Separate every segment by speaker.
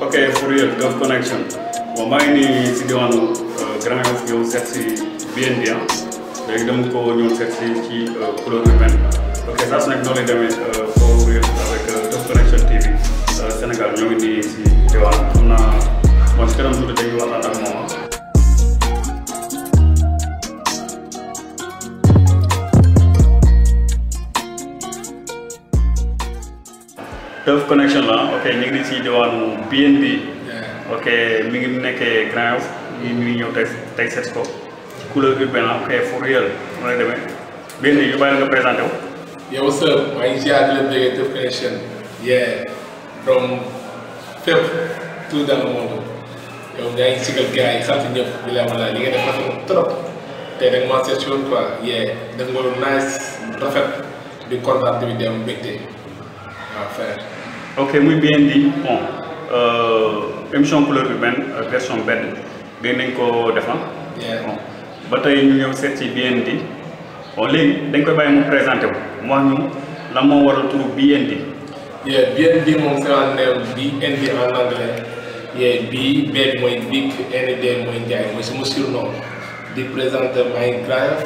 Speaker 1: ok Fourier Golf Connection bon maa ngi nii si diwaanu euh, Grand Yoff ñëw seet si BNB ah léegi dama ko ñëw seet si ci euh, couleur urbaine ok saa euh, Sénégal ñoo ngi si diwaanu xam naa moom si kanam tuuti dañuy waxtaan Teuf Connection la ok ñu ngi si diwaanu BNB ok mi ngi nekkee Grand Yoff ñu ngi ñëw tey tey seet ko ci couleur urbaine la ok for real mu lay demee BNB yu bàyyi la nga présenté wu.
Speaker 2: yow sër maa di la bëggee Teuf Connection yeah from fépp tout dans le monde yow yaa ngi la wala li nga def rafet trop te da nga maa seet si woon quoi yeah da nga rafet di kontaan bi dem ok muy bien dit bon ah.
Speaker 1: euh, émission couleur urbaine euh, version benn dinañ ko defar. bon ba tey ñu ñëw seet ci BND bon léegi dañ koy bàyyi mu présenté wu mu
Speaker 2: wax moo waral turu BND. yeah BND moom c'est en BND en anglais yeah B N D mooy Ndiaye mooy sama surnom di présenter my client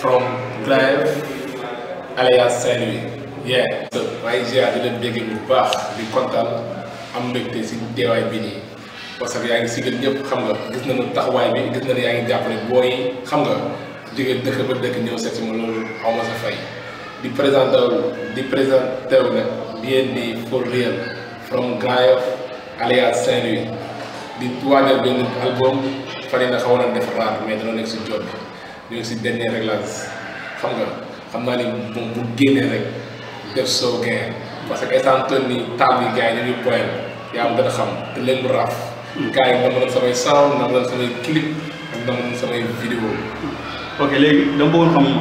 Speaker 2: from client alias Saint-Louis. yeah waaye ziar di leen béggee bu baax di kontaan am mbégte si teewaay bi nii parce que yaa ngi sigal ñëpp xam nga gis na nañu taxawaay bi gis nañu yaa ngi jàppale booy xam nga jóge dëkk ba dëkk ñëw seet si ma loolu xaw sa fay di présenté wu di présenté wu nag bien di for real from Grand Yoff alias Saint-Louis di waajal benn album fan yi na xawoon a defaraat mais dana nekk si jot bi ñu si dernier réglage xam nga xam naa ni moom bu génnee rek def soo gain parce que instant toll nii taal bi gars yi dañuy poème yaa am gën a xam te leen bu raaf. gars yi mën na samay sound na mën samay xam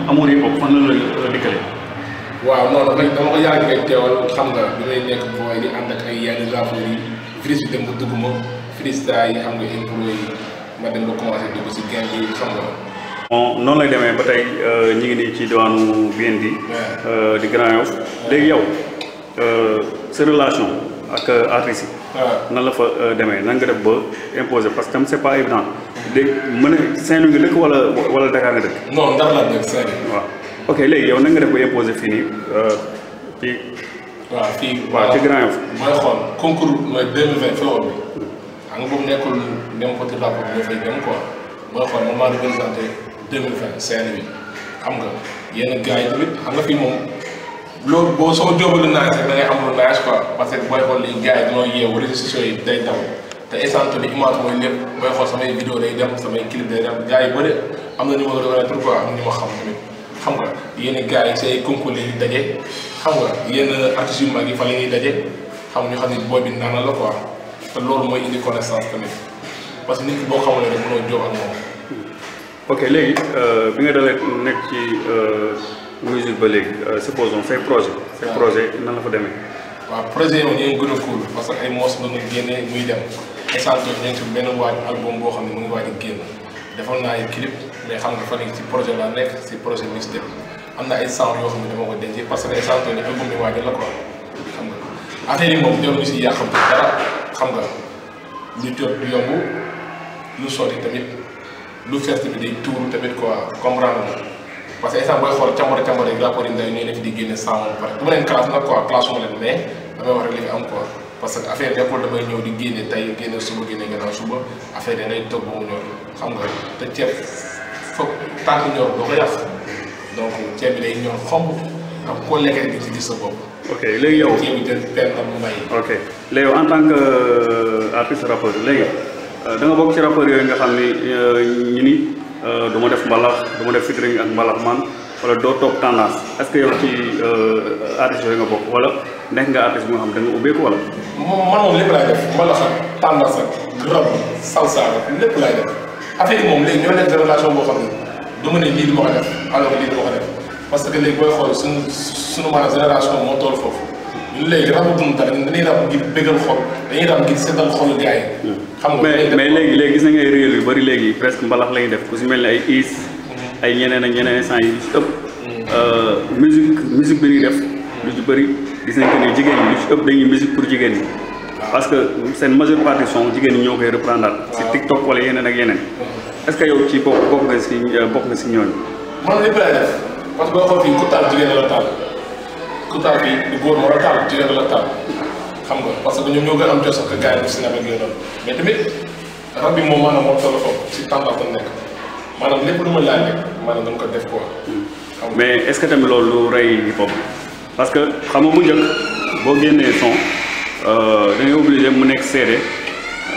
Speaker 2: amour hip hop fan la la dikkale. waaw noonu rek dama ko xam nga bi may nekk booy di ànd ak ay yenn rappeurs yi frise dem ba dugg ma freestyle yi xam nga impro ma dem ba commencé dugg si gain
Speaker 1: yi xam nga. bon noonu lay demee ba tey euh, ñu ngi nii ci diwaanu BND euh, di Grand Yoff léegi yow euh, sa relation ak artistes yi nan la fa demee nan nga def ba imposé parce que tam c'est pas évident léegi mën a nga wala wala Dakar waaw ok yow nan nga def ba imposé fii nii fii Grand Yoff mooy xool
Speaker 2: concours mooy 2020 fi la woon bi xam nga boobu nekkul dem côté rapport ñoo fay dem quoi moo fa moom maa représenté deux mille vingt Saint-Louis xam nga yenn gars yi tamit xam nga fii moom loolu boo soo jóobalu naaj rek da ngay am lu naaj quoi parce que booy xool li gars yi dañoo yeewu réseaux sociaux yi day daw te instant bi image mooy lépp booy xool samay vidéo day dem samay clip day dem gars yi bëri am na numéro de pourquoi am ñu ma xam tamit xam nga yenn gars yi say concours yi daje xam nga yenn artistes yu mag yi fa la ñuy daje xam ñu xam ne booy bi naan la quoi te loolu mooy indi connaissance tamit. parce que nit ki boo xamulee rek mënoo jóg ak moom.
Speaker 1: ok léegi euh, bi nga dalee nekk ci euh, musique ba léegi euh, supposons say projet. say projet nan la fa demee.
Speaker 2: waaw projet yi ñu ngi gën a cool parce que ay moos la ñuy génnee muy dem échange ñu ngi ci benn waaj album boo xam ne mu ngi waaj a génn defoon naa ay clip mais xam nga fa nekk ci projet laa nekk ci projet mixtape am na ay sound yoo xam ne dama ko denc parce que ay sound yoo xam ne waajal la quoi xam nga affaire yi nga ñu lu sotti tamit lu fees bi day tuuru tamit quoi comprendre nga parce que instant booy xool càmbar càmbar yi rapport yi ndaw yi ñooy nekk di génne cent moom pare du ma leen classe nag quoi classe su ma leen mais damay wax rek li fi am quoi parce que affaire nekkul damay ñëw di génne tey génne suba génne gannaaw suba affaire yi day tëb ba mu ñor xam nga te ceeb foog tànk ñor doo ko yàq donc ceeb bi day ñor xomb ak koo lekkee di ci gis sa bopp. ok léegi yow ceeb bi jël benn mbay.
Speaker 1: ok léegi en tant que euh, artiste rappeur léegi. Euh, da nga bokk ci rappeurs yooyu nga xam ni euh, ñu ni euh, du ma def mbalax du def featuring ak mbalax man wala doo toog tendance est-ce que yow ci artistes yooyu nga bokk wala nekk nga artiste bu nga da nga ubbeeku wala.
Speaker 2: moom man moom lépp laay def mbalax ak tendance ak rab salsa ak lépp laay def affaire moom léegi ñoo nekk relation boo xam ne du ma ne lii du ma ko def alors lii parce que léegi booy xool suñu suñu maanaam génération moo toll foofu. ñun léegi rabu dund tamit dañuy rab ngir bëggal xol dañuy rab ngir seetal xolu gars yi. Hmm. xam nga mais mais léegi léegi gis na
Speaker 1: ay réel yu bari léegi presque mbalax lañuy def ku si mel ni ay iis. Hmm. ay ñeneen ak ñeneen sang yi ci ëpp. Hmm. Euh, musique musique bi ñuy def lu ci di gis nañ que ni jigéen ñi lu ci ëpp dañuy musique pour jigéen ñi. Ah. parce que seen majeure partie jigéen ñi ñoo koy reprendre. si ah. TikTok wala yeneen ak yeneen. est que yow ci bokk bokk nga si euh, bokk nga si ñooñu.
Speaker 2: man ku taal bi du góor war taal jigéen la taal xam nga parce que ñoom ñoo gën a am cosaan que gars yi si nawet bi noonu mais tamit rab ko
Speaker 1: mais est-ce que tamit loolu lu rey hip parce que xam nga bu njëkk boo génnee son euh, da ngay mu nekk CD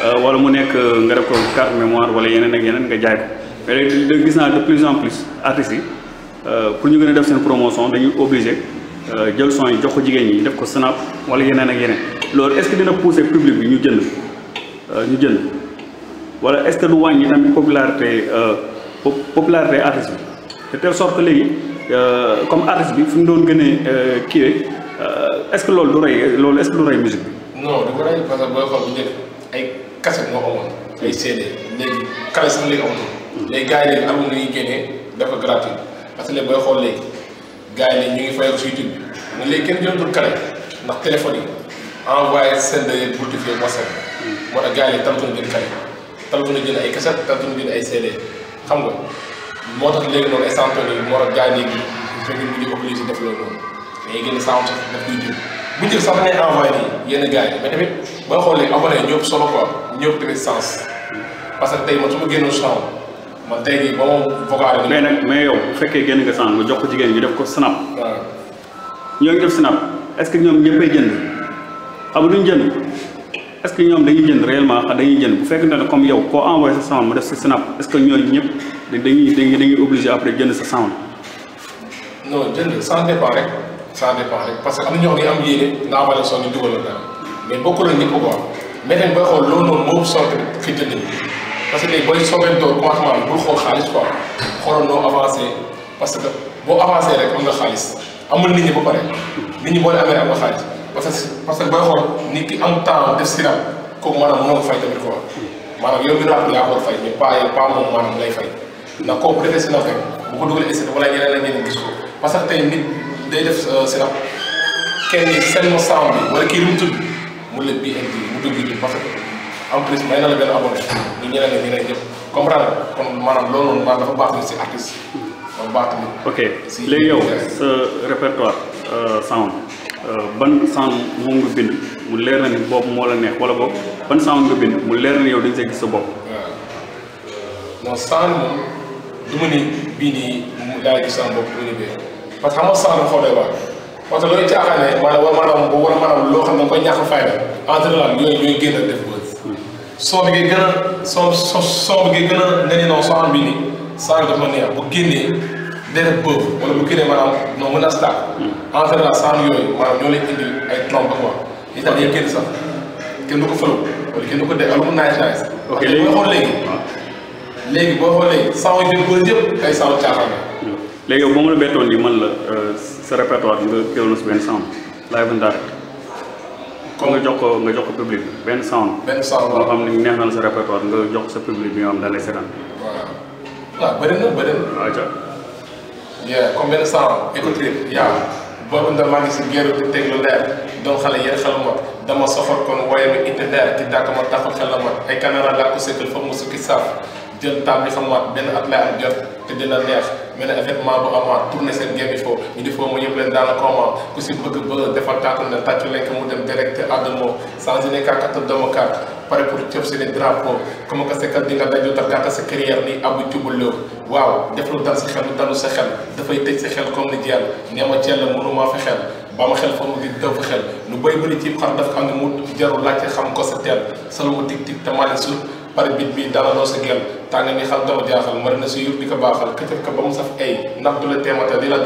Speaker 1: euh, wala mu nekk euh, nga def ko carte mémoire wala yeneen ak yeneen nga jaay ko mais léegi gis naa de plus en plus artistes yi pour ñu gën a def seen promotion dañuy obligé. Euh, jël son yi jox ko jigéen ñi def ko snap wala yeneen ak yeneen loolu est-ce que dina pousser public bi ñu jënd euh, ñu jënd wala est-ce que du wàññi tamit popularité euh, popularité artiste bi de telle sorte que léegi comme artiste bi fu mu doon gënee kiiwee est-ce que loolu du rey loolu est-ce que du rey musique
Speaker 2: bi. non du rey booy xool bu njëkk ay cassette moo amoon ay CD léegi kale sax léegi amatul. Mm-hmm. léegi gars yi léegi album yi génnee dafa gratuit parce que gars yi ne ñu ngi fayal si YouTube bi mais léegi kenn jëndul kale ndax téléphone yi envoyé seen de Bluetooth moo set moo tax gars yi tantôt na jënd kale ay cassette tantôt na jënd ay CD xam nga moo tax léegi noonu ay centre yi moo tax gars yi léegi fekk ñu ngi obligé def bu jël sax da ngay yenn gars yi mais tamit boo xoolee abonné ñëpp solo quoi ñëpp tamit sens parce que man su ma génnoon chambre man tey jii ba moom vocal mais
Speaker 1: nag mais yow bu fekkee génn nga sànq nga jox ko jigéen ñu def ko snap. waaw ñoo ngi def snap est ce ñoom ñëppay jënd xam duñ jënd est ce ñoom dañuy jënd réellement dañuy jënd bu fekkee ne comme yow ko envoyé sa sound mu def sa snap est ce que ñooñu ñëpp dañuy dañuy dañuy obligé après jënd sa sound.
Speaker 2: non jënd ça dépend rek ça dépend rek parce que am na ñoo xam ne am yéene nga envoyé son ñu dugal la mais bokkul ak ñëpp quoi mais nag booy xool loolu noonu moo sonk ki parce que léegi booy soogantoor commencement bul xool xaalis quoi xoolal noo avancé parce que boo avancé rek am nga xaalis amul nit ñi ba pare nit ñi boo amee am nga que parce que booy xool nit ki am temps def sirab kooku maanaam mënoo fay tamit quoi lay fay ndax kooku bu ko dugalee que tey nit day def euh, sirab kenn ni seen ma kii li mu tudd mu la bii mu dugg bi parce que. en plus may na la benn abonné ñu ñeneen ñi ñeneen ñëpp comprendre kon maanaam loolu noonu maanaam dafa baax tamit si artiste dafa baax tamit. ok léegi yow
Speaker 1: sa répertoire euh, sound euh, ban sound moom nga bind mu leer na ni boobu moo la neex wala boobu ban sound nga bind mu leer na ni yow di see gis sa bopp.
Speaker 2: waaw non sound moom ni bii nii mu daal di bopp du ma ni parce que xam nga sound dafa xaw doy parce que looy caaxaane maanaam maanaam boobu maanaam loo xam ne da nga koy ñàkk fayda entre la yooyu ñooy génn soo bi gën a soo soo bi gën a nga ne non soo am bii nii saa bi dafa neex bu génnee deret boobu wala bu génnee maanaam non mën a stàq. Hmm. yooyu maanaam ñoo leen indil ay trompe quoi yi tax day génn kenn du ko fëlu wala kenn du ko dee wala mu naaj naaj. ok léegi boo xool léegi. léegi boo xool léegi saa yu jëm bëri yëpp ay saa yu caaxaan la. Hmm.
Speaker 1: léegi yow boo ma la bettoon nii man la euh, sa répertoire nga jëloon foog nga jox ko nga jox ko public bi benn sound. benn sound boo xam ne neex na la sa répertoire nga jox sa public bi nga xam da lay
Speaker 3: waaw
Speaker 2: bëri na na. waaw ca. yeah comme benn sound écouter yaa boobu ndax si géeru di teg lu leer doon xale yéen xel mot dama soxor kon waaye ma itte ki dàkk ma taxul xel la mot ay kanara laa ko sëkkal fa mu sukki saaf jël taam bi fa mot benn at lay am jot dina neex. mais nag événement bu amaat tourné seen game foofu ñu di foofu mu yëpp leen dans le ku si bëgg ba defal tàkku ne tàccu leen mu dem direct àdduma i drapeau comme que sekkal sa xel lu dalu sa xel dafay sa xel comme ni jell nee ma fi xel ba xel fa mu di daw xel lu bay bëri ci xar dafa am ne mu jarul laajte xam ko sa teel solo mu tig tig te maa pare bit bii dalaloo sa gel tàng ni xal taw jaaxal mën na si yur la teemata li ma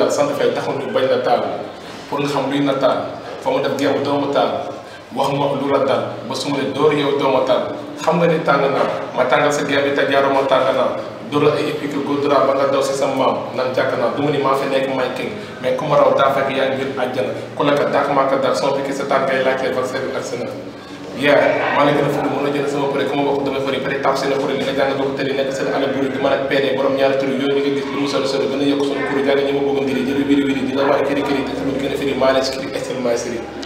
Speaker 2: ba su ma ne dóor yow dooma taal xam nga ni tàng ma tàngal sa geer bi te jaaruma tàng naa dóor la ay épique góor ba nga daw si sa maam nan jàkk naa du ni maa fi nekk may king mais ku raw daa fekk yaa ngir àjjana ku la ko dàq maa ko dàq soo fekkee sa tànkay laajtee vaccin bi ak yaa maa la gën a fëgg mën na jël sama pré ku ma wax dama fëri peut-être tap seen xuri li nga jàng doo ko tëri nekk seen ala buri man ak PD borom ñaari tur yooyu ñu ngi gis lu mu solo solo gën a yokk suñu kuri jàng ñi ma bëgg ngiri jël wiri wiri dina war a kiri te tamit gën a firi maa leen si kiri extrêmement sérieux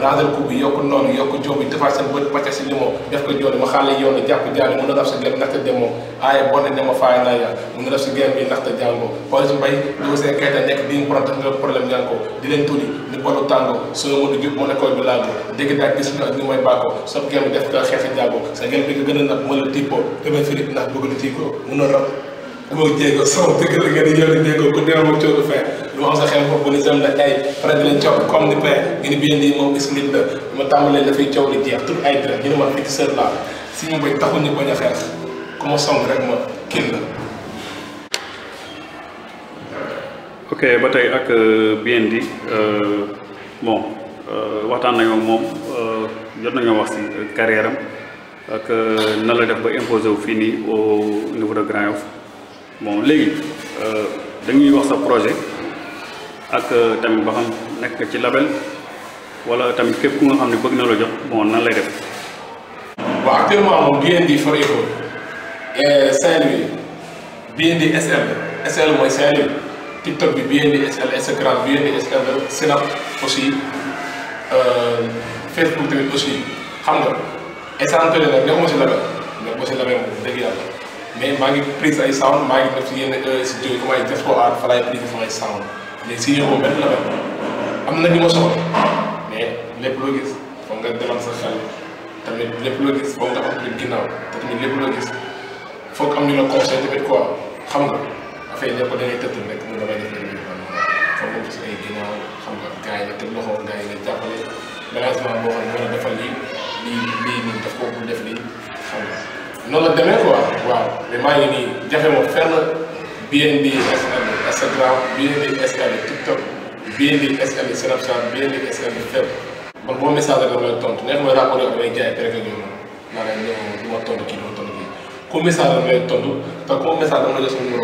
Speaker 2: rangel ko bi yokk noonu yokk jóob yi seen bët pacca si limo def ko jooni ma xaale yoon ne jàpp jaani mun na def mun na def di nga protect nga problème gën a nag di tiikoo mun na lu am sa xel organisme la ay pare di leen coow comme ni ay dërëm ne ma si ñu bañ taxul ñu bañ a la.
Speaker 1: ba tey ak euh, BND euh, bon euh, waxtaan moom jot nañoo wax si carrière am na la def ba imposé wu fii nii au niveau de Grand Yoff bon léegi dañuy wax sa projet. ak euh, tamit ba xam nekk ci label wala tamit képp ku nga xam ne bëgg na la jox nan lay def.
Speaker 2: bon actuellement moom BND for Eco euh, Saint-Louis BND SL SL mooy Saint-Louis TikTok bi BND SL Instagram BND SL Snap aussi euh, Facebook tamit aussi xam nga essentiel nag nekk ma si label nekk ma si label moom dëgg yàlla mais maa ngi prise ay sound maa ngi def si yenn studio yi comme ay Diaspora Art fa sound mais signé ko benn label am
Speaker 3: na ñu ma soxla
Speaker 2: mais lépp loo gis foog nga demal sa xel tamit lépp loo gis foog nga am lu ginnaaw ñu la conseil nga affaire yi ñëpp da ngay tëdd nga gis ay ginnaaw xam nga gars yi nga teg loxo gars a defal lii nii noonu la demee quoi waaw mais maa nii jafe moom fenn BNB Instagram BND Escale TikTok BND Escale Snapchat BND Escale fépp man boo message rek damay tontu neex mooy rapport ak damay jaay pere ak ñoom naa leen ne du ma tontu kii du ma tontu kii ku message rek damay tontu te ku ma message dama ah, yi moom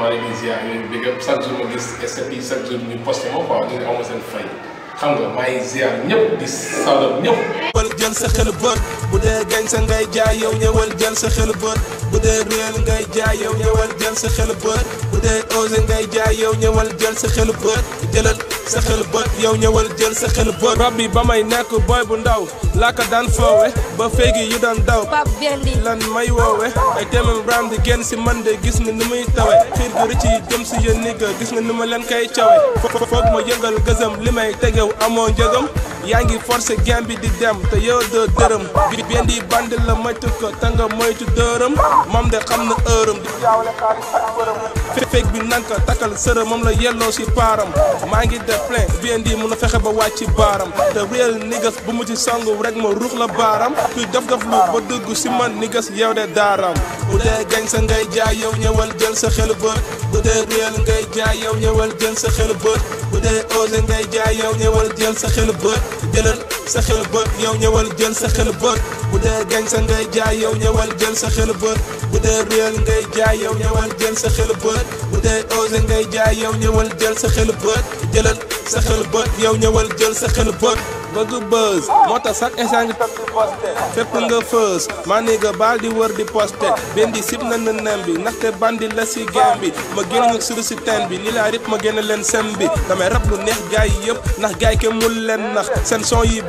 Speaker 2: maa ngi leen di ziar bi nga chaque jour ma gis et chaque jour ñu posté ma ngi amoon seen fay. xam nga maa
Speaker 3: ngi ñëpp di sàllam ñëpp. ñëwal jël sa xel bët bu dee gañ sa ngay jaay yow ñëwal jël sa xel bët. bu dee réel ngay jaay yow ñëwal jël sa xelu bët bu dee osé ngay jaay yow ñëwal jël sa xelu bët jëlal sa xelu bët yow ñëwal jël sa xelu bët rab bi ba may nekk booy bu ndaw laa ko daan foowe ba féegi yu daan daw pap gendi may woowe ay téemam ram di génn si man de gis nga ni muy tawe xiir gi rëcc jëm si yéen nigga gis nga ni ma leen koy cawe foog ma yëngal gësam li may tegew amoo njëgam yaa ngi forcé game di dem te yow doo dërëm bi benn di band la moytu ko te nga moytu dërëm moom de xam na ërëm di jaawale xaalis ak bërëm fekk bi nanka takkal sërëm moom la yelloo si paaram maa ngi def plein benn di mun a fexe ba wàcc baaram te réel niggas bu mu ci songu rek ma ruux la baaram kuy def def lu ba dugg si man niggas yow de daaram bu dee gañ sa ngay jaay yow ñëwal jël sa xelu bët bu dee réel ngay jaay yow ñëwal jël sa xelu bët always dee oose ngay you yow ñëwal jël sa xel bët jëlal sa xel bët yow ñëwal jël sa xel bët bu dee gañ sa ngay jaay yow ñëwal jël sa xel bët bu dee réel ngay jaay yow ñëwal jël sa xel bët bu dee osé ngay jaay yow ñëwal jël sa xel bët jëlal sa xel bët yow ñëwal jël sa xel bët bëgg buzz moo tax sax instant ngi toog di posté fépp nga fës maa ni nga baal di wër di posté benn di sib na na nem bi ndaxte bandi la si game bi ma génn suru si teen bi ni laa rip ma génn leen sem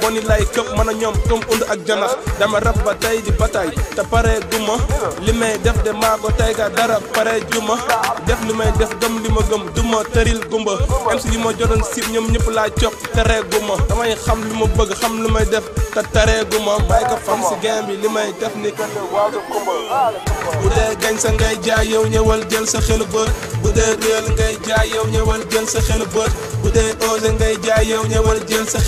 Speaker 3: woni lay këpp mën a ñoom tum und ak janax dama rab ba tey di bataay te pare guma li may def de maa ko tey ga dara pare juma def li may def gëm li ma gëm duma tëril gumba MC yi ma jotoon sib ñoom ñëpp laa cop tere guma damay xam li ma bëgg xam li may def te tere guma bàyyi ko fam si game bi li may def ni bu dee gañ sa ngay jaay yow ñëwal jël sa xelu bët bu dee réel ngay jaay yow ñëwal jël sa xelu bët bu dee ose ngay jaay yow ñëwal jël sa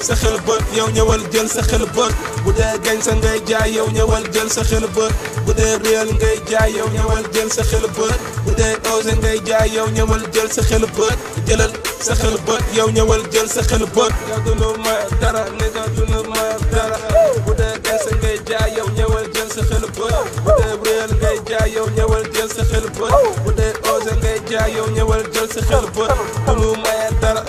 Speaker 3: sa xel bët yow ñëwal jël sa xel bët bu dee gañ sa ngay jaay yow ñëwal jël sa xel bët bu dee réel ngay jaay yow ñëwal jël sa xel bët bu dee osé ngay jaay yow ñëwal jël sa xel bët jëlal sa xel bët yow ñëwal jël sa xel bët yow dunu ma dara ne nga dunu ma dara bu dee gañ sa ngay jaay yow ñëwal jël sa xel bët bu dee réel ngay jaay yow ñëwal jël sa xel bët bu dee osé ngay jaay yow ñëwal jël sa xel bët dunu ma dara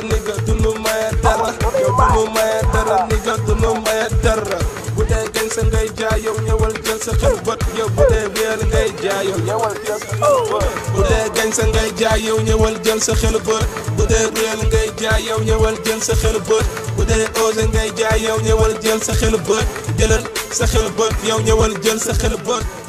Speaker 3: mu maye dara ni jot nu maye dara bu dee gañ sa ngay jaay yow ñëwal jël sa xel bët yow bu dee weer ngay jaay yow ñëwal jël sa xel bët bu dee gañ sa ngay jaay yow ñëwal jël sa xel bët bu dee réel ngay jaay yow ñëwal jël sa xel bët bu dee ose ngay jaay yow ñëwal jël sa xel bët jëlal sa xel bët yow ñëwal jël sa xel bët